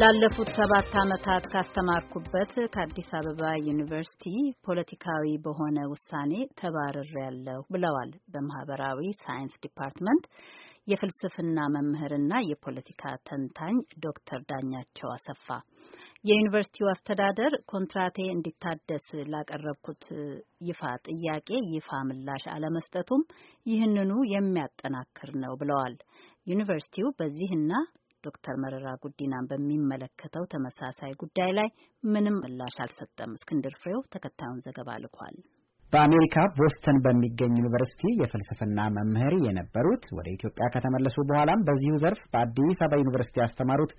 ላለፉት ሰባት ዓመታት ካስተማርኩበት ከአዲስ አበባ ዩኒቨርሲቲ ፖለቲካዊ በሆነ ውሳኔ ተባርሬያለሁ ብለዋል በማህበራዊ ሳይንስ ዲፓርትመንት የፍልስፍና መምህርና የፖለቲካ ተንታኝ ዶክተር ዳኛቸው አሰፋ። የዩኒቨርሲቲው አስተዳደር ኮንትራቴ እንዲታደስ ላቀረብኩት ይፋ ጥያቄ ይፋ ምላሽ አለመስጠቱም ይህንኑ የሚያጠናክር ነው ብለዋል። ዩኒቨርሲቲው በዚህና ዶክተር መረራ ጉዲናን በሚመለከተው ተመሳሳይ ጉዳይ ላይ ምንም ምላሽ አልሰጠም። እስክንድር ፍሬው ተከታዩን ዘገባ ልኳል። በአሜሪካ ቦስተን በሚገኝ ዩኒቨርሲቲ የፍልስፍና መምህር የነበሩት ወደ ኢትዮጵያ ከተመለሱ በኋላም በዚሁ ዘርፍ በአዲስ አበባ ዩኒቨርሲቲ ያስተማሩት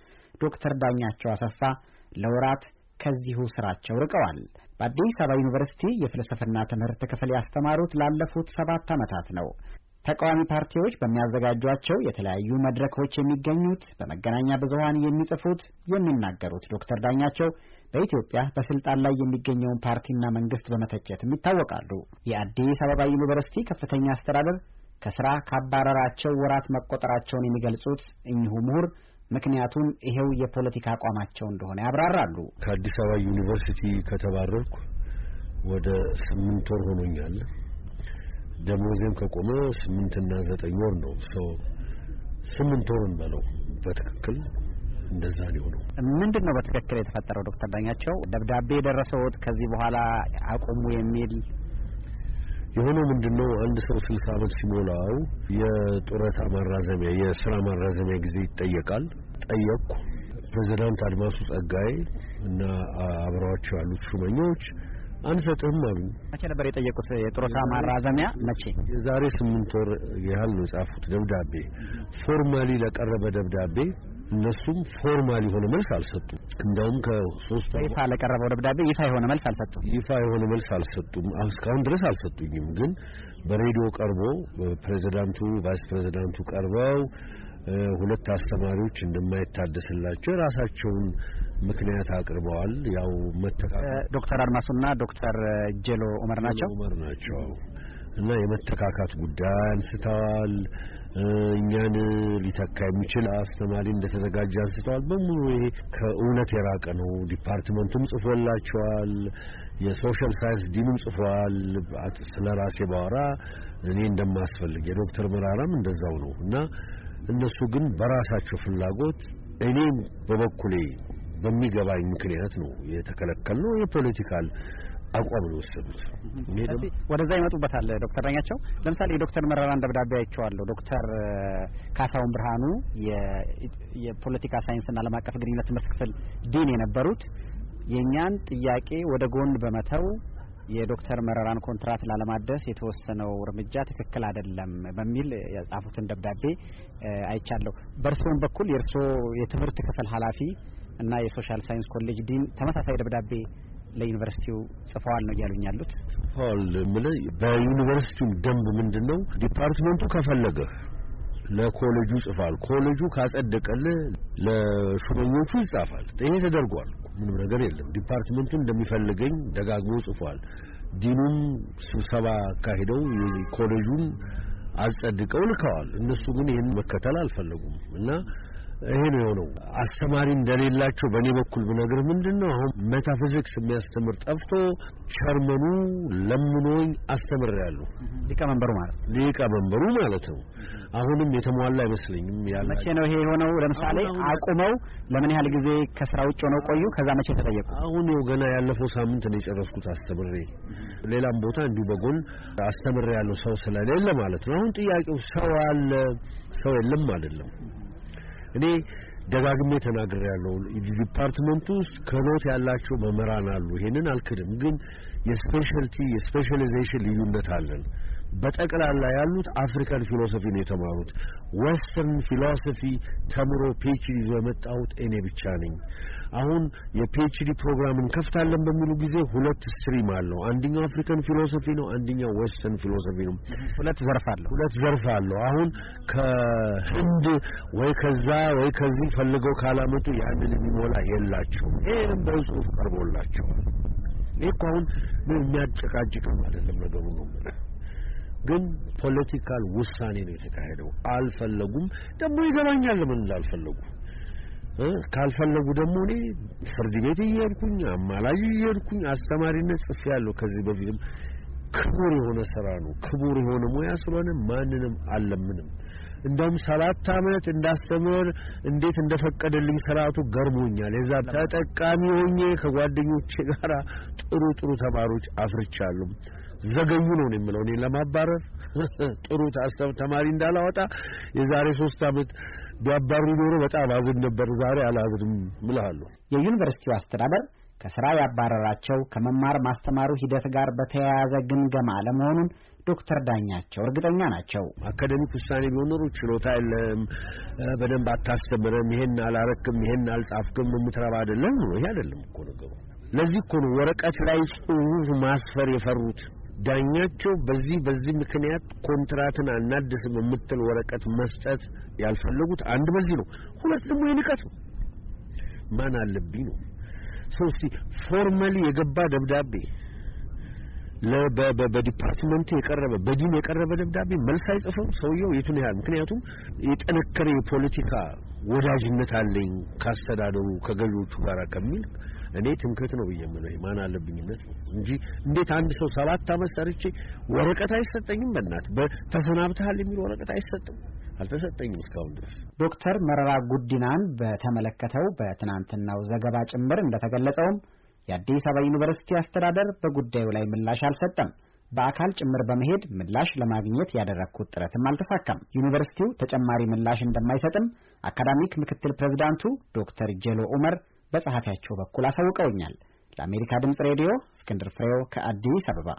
ዶክተር ዳኛቸው አሰፋ ለወራት ከዚሁ ስራቸው ርቀዋል። በአዲስ አበባ ዩኒቨርሲቲ የፍልስፍና ትምህርት ክፍል ያስተማሩት ላለፉት ሰባት ዓመታት ነው። ተቃዋሚ ፓርቲዎች በሚያዘጋጇቸው የተለያዩ መድረኮች የሚገኙት፣ በመገናኛ ብዙኃን የሚጽፉት፣ የሚናገሩት ዶክተር ዳኛቸው በኢትዮጵያ በስልጣን ላይ የሚገኘውን ፓርቲና መንግስት በመተቸትም ይታወቃሉ። የአዲስ አበባ ዩኒቨርሲቲ ከፍተኛ አስተዳደር ከስራ ካባረራቸው ወራት መቆጠራቸውን የሚገልጹት እኚሁ ምሁር ምክንያቱም ይሄው የፖለቲካ አቋማቸው እንደሆነ ያብራራሉ። ከአዲስ አበባ ዩኒቨርሲቲ ከተባረርኩ ወደ ስምንት ወር ሆኖኛል። ደሞዜም ከቆመ ስምንትና ዘጠኝ ወር ነው። ሰው ስምንት ወርን በለው በትክክል እንደዛ ነው ምንድን ነው በትክክል የተፈጠረው? ዶክተር ዳኛቸው ደብዳቤ የደረሰውት ከዚህ በኋላ አቁሙ የሚል የሆነው ምንድነው አንድ ሰው 60 ዓመት ሲሞላው የጡረታ ማራዘሚያ የስራ ማራዘሚያ ጊዜ ይጠየቃል። ጠየቅኩ። ፕሬዚዳንት አድማሱ ጸጋዬ እና አብረዋቸው ያሉት ሹመኞች አንሰጥህም አሉ። መቼ ነበር የጠየቁት የጡረታ ማራዘሚያ? መቼ? የዛሬ ስምንት ወር ያህል ነው የጻፉት ደብዳቤ። ፎርማሊ ለቀረበ ደብዳቤ እነሱም ፎርማል የሆነ መልስ አልሰጡም። እንደውም ከሶስት ይፋ ለቀረበው ደብዳቤ ይፋ የሆነ መልስ አልሰጡም። ይፋ የሆነ መልስ አልሰጡም። እስካሁን ድረስ አልሰጡኝም። ግን በሬዲዮ ቀርቦ ፕሬዚዳንቱ፣ ቫይስ ፕሬዚዳንቱ ቀርበው ሁለት አስተማሪዎች እንደማይታደስላቸው የራሳቸውን ምክንያት አቅርበዋል። ያው መተካካት ዶክተር አድማሱና ዶክተር ጀሎ ኡመር ናቸው ኡመር ናቸው እና የመተካካት ጉዳይ አንስተዋል። እኛን ሊተካ የሚችል አስተማሪ እንደተዘጋጀ አንስተዋል። በሙሉ ይሄ ከእውነት የራቀ ነው። ዲፓርትመንቱም ጽፎላቸዋል። የሶሻል ሳይንስ ዲኑም ጽፏል። ስለ ራሴ ባወራ እኔ እንደማስፈልግ የዶክተር መራራም እንደዛው ነው እና እነሱ ግን በራሳቸው ፍላጎት እኔም በበኩሌ በሚገባኝ ምክንያት ነው የተከለከልነው። የፖለቲካል አቋም ነው የወሰዱት። ወደዛ ይመጡበታል። ዶክተር ዳኛቸው ለምሳሌ የዶክተር መረራን ደብዳቤ አይቼዋለሁ። ዶክተር ካሳሁን ብርሃኑ የፖለቲካ ሳይንስና ዓለም አቀፍ ግንኙነት ትምህርት ክፍል ዲን የነበሩት የእኛን ጥያቄ ወደ ጎን በመተው የዶክተር መረራን ኮንትራት ላለማደስ የተወሰነው እርምጃ ትክክል አይደለም በሚል የጻፉትን ደብዳቤ አይቻለሁ። በእርስዎም በኩል የእርስዎ የትምህርት ክፍል ኃላፊ እና የሶሻል ሳይንስ ኮሌጅ ዲን ተመሳሳይ ደብዳቤ ለዩኒቨርሲቲው ጽፈዋል ነው እያሉኝ ያሉት። ጽፈዋል ምን በዩኒቨርሲቲው ደንብ ምንድን ነው ዲፓርትመንቱ ከፈለገህ ለኮሌጁ ጽፋል። ኮሌጁ ካጸደቀልህ ለሹመኞቹ ይጻፋል። ይሄ ተደርጓል። ምንም ነገር የለም። ዲፓርትመንቱ እንደሚፈልገኝ ደጋግሞ ጽፏል። ዲኑም ስብሰባ አካሂደው ኮሌጁን አጸድቀው ልከዋል። እነሱ ግን ይህን መከተል አልፈለጉም እና ይሄ ነው የሆነው። አስተማሪ እንደሌላቸው በእኔ በኩል ብነግር ምንድን ነው አሁን ሜታፊዚክስ የሚያስተምር ጠፍቶ ሸርመኑ ለምኖኝ አስተምር ያሉ ሊቀመንበሩ ማለት ሊቀመንበሩ ማለት ነው። አሁንም የተሟላ አይመስለኝም። ያለ መቼ ነው ይሄ የሆነው? ለምሳሌ አቁመው ለምን ያህል ጊዜ ከስራ ውጭ ሆነው ቆዩ? ከዛ መቼ ተጠየቁ? አሁን ነው ገና ያለፈው ሳምንት ነው የጨረስኩት አስተምሬ። ሌላም ቦታ እንዲሁ በጎን አስተምሬ ያለው ሰው ስለሌለ ማለት ነው። አሁን ጥያቄው ሰው አለ ሰው የለም አይደለም። እኔ ደጋግሜ ተናግሬ ያለው ዲፓርትመንቱ ውስጥ ክህሎት ያላቸው መምህራን አሉ፣ ይሄንን አልክድም። ግን የስፔሻልቲ የስፔሻላይዜሽን ልዩነት አለን። በጠቅላላ ያሉት አፍሪካን ፊሎሶፊ ነው የተማሩት። ወስተርን ፊሎሶፊ ተምሮ ፒኤችዲ ይዞ የመጣሁት እኔ ብቻ ነኝ። አሁን የፒኤችዲ ፕሮግራም እንከፍታለን በሚሉ ጊዜ ሁለት ስትሪም አለው። አንደኛው አፍሪካን ፊሎሶፊ ነው፣ አንደኛው ወስተርን ፊሎሶፊ ነው። ሁለት ዘርፍ አለው። ሁለት ዘርፍ አለው። አሁን ከህንድ ወይ ከዛ ወይ ከዚህ ፈልገው ካላመጡ ያንን የሚሞላ የላቸውም። ይሄንም በጽሁፍ ቀርቦላቸዋል። ይህ እኮ አሁን ምን የሚያጨቃጭቅም አይደለም ነገሩ ነው። ግን ፖለቲካል ውሳኔ ነው የተካሄደው። አልፈለጉም። ደግሞ ይገባኛል ለምን እንዳልፈለጉ። ካልፈለጉ ደግሞ እኔ ፍርድ ቤት እየሄድኩኝ አማላጅ እየሄድኩኝ አስተማሪነት ጽፌያለሁ ከዚህ በፊትም። ክቡር የሆነ ስራ ነው፣ ክቡር የሆነ ሙያ ስለሆነ ማንንም አለምንም። እንደውም ሰባት አመት እንዳስተምር እንዴት እንደፈቀደልኝ ስርዓቱ ገርሞኛል። የዛ ተጠቃሚ ሆኜ ከጓደኞቼ ጋራ ጥሩ ጥሩ ተማሪዎች አፍርቻለሁ። ዘገዩ ነው ነው የምለው እኔ ለማባረር ጥሩ ታስተም ተማሪ እንዳላወጣ የዛሬ ሶስት ዓመት ቢያባሩ ኖሮ በጣም አዝን ነበር። ዛሬ አላዝንም እምልሃለሁ። የዩኒቨርሲቲው አስተዳደር ከስራ ያባረራቸው ከመማር ማስተማሩ ሂደት ጋር በተያያዘ ግምገማ ለመሆኑን ዶክተር ዳኛቸው እርግጠኛ ናቸው። አካደሚክ ውሳኔ ቢሆን ኖሮ ችሎታ የለም፣ በደንብ አታስተምረም፣ ይሄን አላረክም፣ ይሄን አልጻፍክም፣ የምትረባ አይደለም ነው። ይሄ አይደለም እኮ ነገሩ። ለዚህ እኮ ነው ወረቀት ላይ ጽሁፍ ማስፈር የፈሩት። ዳኛቸው በዚህ በዚህ ምክንያት ኮንትራትን አናድስም የምትል ወረቀት መስጠት ያልፈለጉት አንድ በዚህ ነው። ሁለት ደግሞ የንቀት ነው። ማን አለብኝ ነው። ሶስቲ ፎርማሊ የገባ ደብዳቤ በዲፓርትመንት የቀረበ በዲን የቀረበ ደብዳቤ መልስ አይጽፍም ሰውየው የቱን ያህል ምክንያቱም የጠነከረ የፖለቲካ ወዳጅነት አለኝ ካስተዳደሩ ከገዢዎቹ ጋር ከሚል እኔ ትምክህት ነው ብዬ የምለው ማን አለብኝነት ነው እንጂ እንዴት አንድ ሰው ሰባት ዓመት ሰርቼ ወረቀት አይሰጠኝም? በእናት ተሰናብተሃል የሚል ወረቀት አይሰጥም። አልተሰጠኝም እስካሁን ድረስ። ዶክተር መረራ ጉዲናን በተመለከተው በትናንትናው ዘገባ ጭምር እንደተገለጸውም የአዲስ አበባ ዩኒቨርሲቲ አስተዳደር በጉዳዩ ላይ ምላሽ አልሰጠም። በአካል ጭምር በመሄድ ምላሽ ለማግኘት ያደረግኩት ጥረትም አልተሳካም። ዩኒቨርሲቲው ተጨማሪ ምላሽ እንደማይሰጥም አካዳሚክ ምክትል ፕሬዝዳንቱ ዶክተር ጀሎ ኡመር በጸሐፊያቸው በኩል አሳውቀውኛል። ለአሜሪካ ድምፅ ሬዲዮ እስክንድር ፍሬው ከአዲስ አበባ